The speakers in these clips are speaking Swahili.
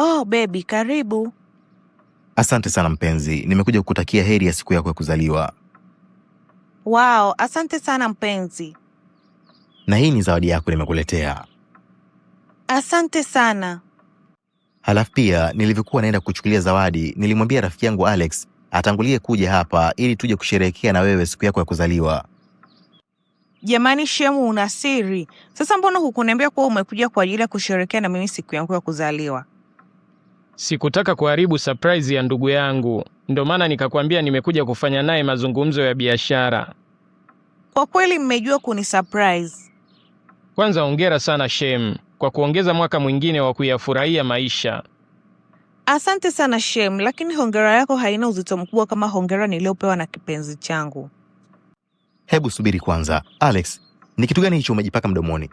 Oh bebi, karibu. Asante sana mpenzi, nimekuja kukutakia heri ya siku yako ya kuzaliwa. Wow, asante sana mpenzi. Na hii ni zawadi yako nimekuletea. Asante sana. Halafu pia nilivyokuwa naenda kuchukulia zawadi, nilimwambia rafiki yangu Alex atangulie kuja hapa ili tuje kusherehekea na wewe siku yako ya kuzaliwa. Jamani Shemu, una siri sasa? Mbona hukuniambia kuwa umekuja kwa ajili ya kusherehekea na mimi siku yangu ya kuzaliwa? Sikutaka kuharibu surprise ya ndugu yangu, ndio maana nikakwambia nimekuja kufanya naye mazungumzo ya biashara. Kwa kweli mmejua kuni surprise. Kwanza ongera sana Shem kwa kuongeza mwaka mwingine wa kuyafurahia maisha. Asante sana Shem, lakini hongera yako haina uzito mkubwa kama hongera niliyopewa na kipenzi changu. Hebu subiri kwanza, Alex, ni kitu gani hicho umejipaka mdomoni?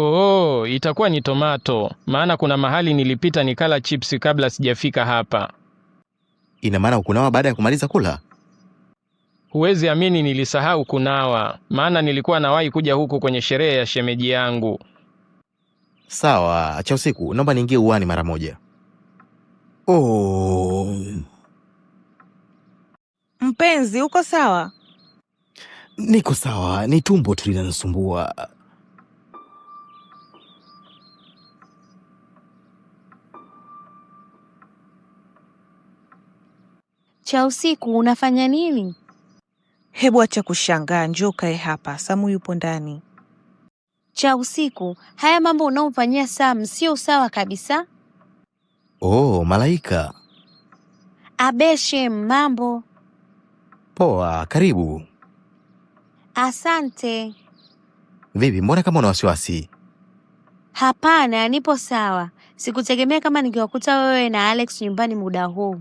Oh, itakuwa ni tomato, maana kuna mahali nilipita nikala chipsi kabla sijafika hapa. Ina maana ukunawa baada ya kumaliza kula? Huwezi amini, nilisahau kunawa, maana nilikuwa nawahi kuja huku kwenye sherehe ya shemeji yangu. Sawa, acha usiku, naomba niingie uani mara moja. Oh. Mpenzi, uko sawa? Niko sawa, ni tumbo tu linanisumbua. cha usiku unafanya nini? Hebu acha kushangaa, njoo kae hapa. Samu yupo ndani. Cha usiku, haya mambo unaomfanyia Samu sio sawa kabisa. Oh, Malaika. Abeshe, mambo poa? Karibu. Asante. Vipi, mbona kama una wasiwasi? Hapana, nipo sawa. Sikutegemea kama ningewakuta wewe na Alex nyumbani muda huu.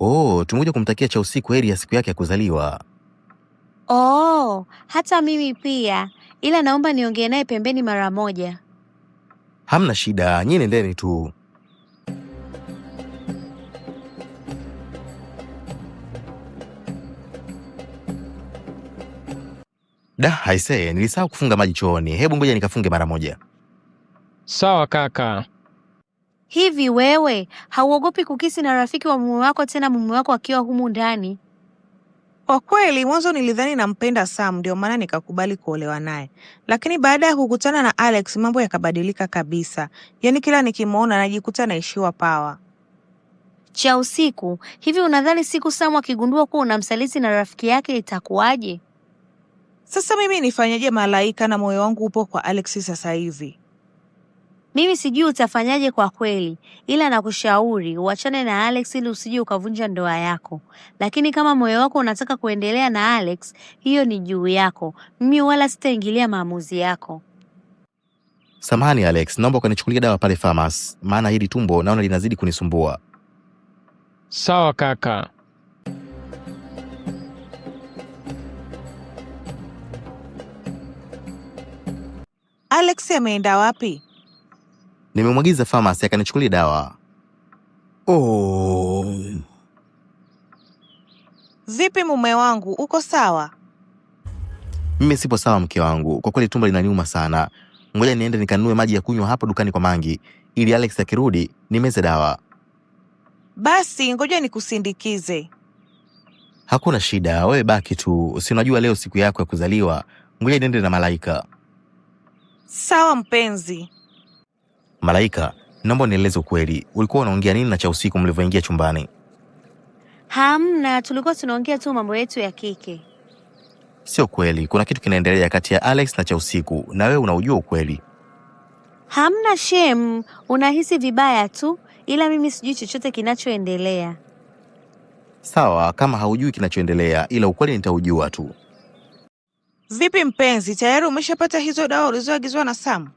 Oh, tumekuja kumtakia usiku heri ya siku yake ya kuzaliwa. Oh, hata mimi pia, ila naomba niongee naye pembeni mara moja. Hamna shida, nyinyi nendeni tu. Da, haisee, nilisahau kufunga maji chooni. Hebu ngoja nikafunge mara moja. Sawa kaka. Hivi wewe hauogopi kukisi na rafiki wa mume wako, tena mume wako akiwa humu ndani? Kwa kweli mwanzo nilidhani nampenda Sam, ndio maana nikakubali kuolewa naye, lakini baada ya kukutana na Alex mambo yakabadilika kabisa. Yaani kila nikimwona najikuta naishiwa pawa. Cha usiku hivi, unadhani siku Sam akigundua kuwa unamsaliti na rafiki yake itakuwaje? Sasa mimi nifanyaje Malaika? Na moyo wangu upo kwa Alex sasa hivi. Mimi sijui utafanyaje kwa kweli, ila nakushauri uachane na Alex ili usije ukavunja ndoa yako. Lakini kama moyo wako unataka kuendelea na Alex, hiyo ni juu yako. Mimi wala sitaingilia maamuzi yako. Samahani Alex, naomba ukanichukulia dawa pale famasi, maana hili tumbo naona linazidi kunisumbua. Sawa kaka. Alex ameenda wapi? Nimemwagiza famasi akanichukulia dawa. Oh. Vipi mume wangu, uko sawa? Mimi sipo sawa mke wangu, kwa kweli tumbo linaniuma sana. Ngoja niende nikanunue maji ya kunywa hapo dukani kwa Mangi, ili Alex akirudi nimeze dawa. Basi ngoja nikusindikize. Hakuna shida, wewe baki tu, si unajua leo siku yako ya kuzaliwa. Ngoja niende na Malaika. Sawa mpenzi. Malaika, naomba nieleze ukweli, ulikuwa unaongea nini na cha usiku mlivyoingia chumbani? Hamna, tulikuwa tunaongea tu mambo yetu ya kike. Sio kweli, kuna kitu kinaendelea kati ya Alex na cha usiku, na wewe unaujua ukweli. Hamna shem, unahisi vibaya tu, ila mimi sijui chochote kinachoendelea. Sawa, kama haujui kinachoendelea, ila ukweli nitaujua tu. Vipi mpenzi, tayari umeshapata hizo dawa ulizoagizwa na Sam?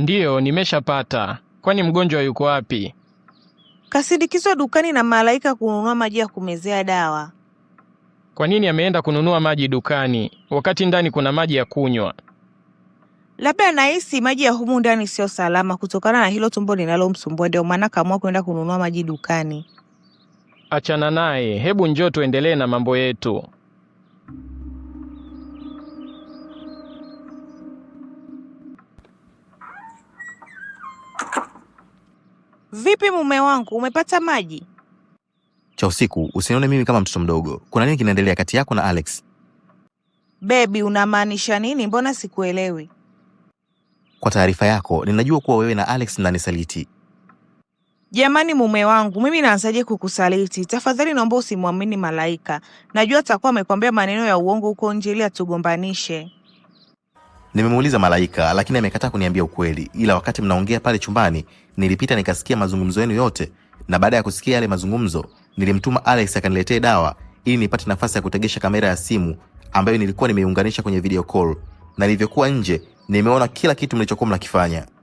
Ndiyo, nimeshapata. Kwani mgonjwa yuko wapi? Kasindikizwa dukani na Malaika kununua maji ya kumezea dawa. Kwa nini ameenda kununua maji dukani wakati ndani kuna maji ya kunywa? Labda anahisi maji ya humu ndani siyo salama kutokana na hilo tumbo linalomsumbua, ndio maana kaamua kwenda kununua maji dukani. Achana naye, hebu njoo tuendelee na mambo yetu. Vipi mume wangu, umepata maji? Cha usiku, usinione mimi kama mtoto mdogo. Kuna nini kinaendelea kati yako na Alex? Bebi, unamaanisha nini? Mbona sikuelewi? Kwa taarifa yako, ninajua kuwa wewe na Alex mnanisaliti. Jamani mume wangu, mimi naanzaje kukusaliti? Tafadhali naomba usimwamini Malaika. Najua atakuwa amekwambia maneno ya uongo huko nje ili atugombanishe. Nimemuuliza Malaika lakini amekataa kuniambia ukweli, ila wakati mnaongea pale chumbani nilipita nikasikia mazungumzo yenu yote, na baada ya kusikia yale mazungumzo nilimtuma Alex akaniletee dawa ili nipate nafasi ya kutegesha kamera ya simu ambayo nilikuwa nimeiunganisha kwenye video call, na nilivyokuwa nje nimeona kila kitu mlichokuwa mnakifanya.